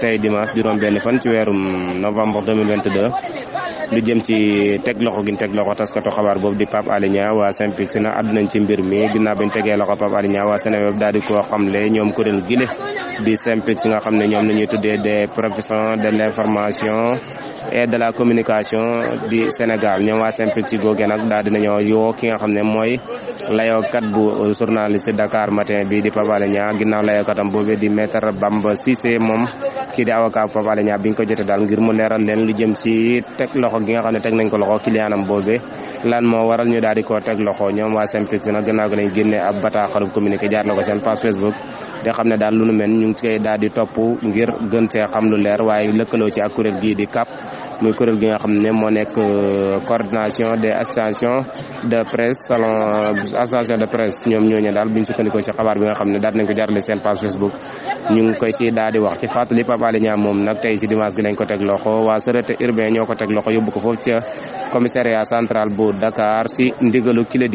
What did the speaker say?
tey dimanche juróom-benn fan ci weerum novembre 2022 lu jëm ci teg loxo gi teg loxo taskatu xabaar boob di Pape Alé Niang waa Synpics na àddunañ ci mbir mi ginnaaw bañ tegee loxo Pape Alé Niang waa Seneweb daal di koo xamle ñoom kuréel gile di SYNPICS nga xam ne ñoom la ñuy tuddee des professions de l'information et de la communication du Sénégal ñoom waa SYNPICS googee nag daal dinañoo yoo ki nga xam ne mooy layookat bu journaliste Dakar matin bi di Pape Alé Niang ginnaaw layookatam boobee di maître Bamba Cissé moom kii di avocat Pape Alé bi ñu ko jotee daal ngir mu leeral leen lu jëm ci teg loxo gi nga xam ne teg nañ ko loxo kiliyaanam boobee lan moo waral ñu daal di ko teg loxo ñoom waa SYNPICS nag gannaaw ko lañ génnee ab bataaxalu communiqué jaar na ko seen page Facebook di xam ne daal lu nu mel dañ koy daal di topp ngir gën see xam lu leer waaye lëkkaloo ci ak kuréel gii di muy kuréel gi nga xam ne moo nekk euh, coordination des associations de presse salon association de presse ñoom ñooñu daal buñ sukkandikoo ci xabaar bi nga xam ne daal nañ ko jaarale seen page Facebook ñu ngi koy ci daal di wax ci fàttali Pape Alé Niang moom nag tey ci dimanche gi lañ ko teg loxo waa sûreté urbain ñoo ko teg loxo yobu ko foofu ca commissariat central bu Dakar si ndigalu kile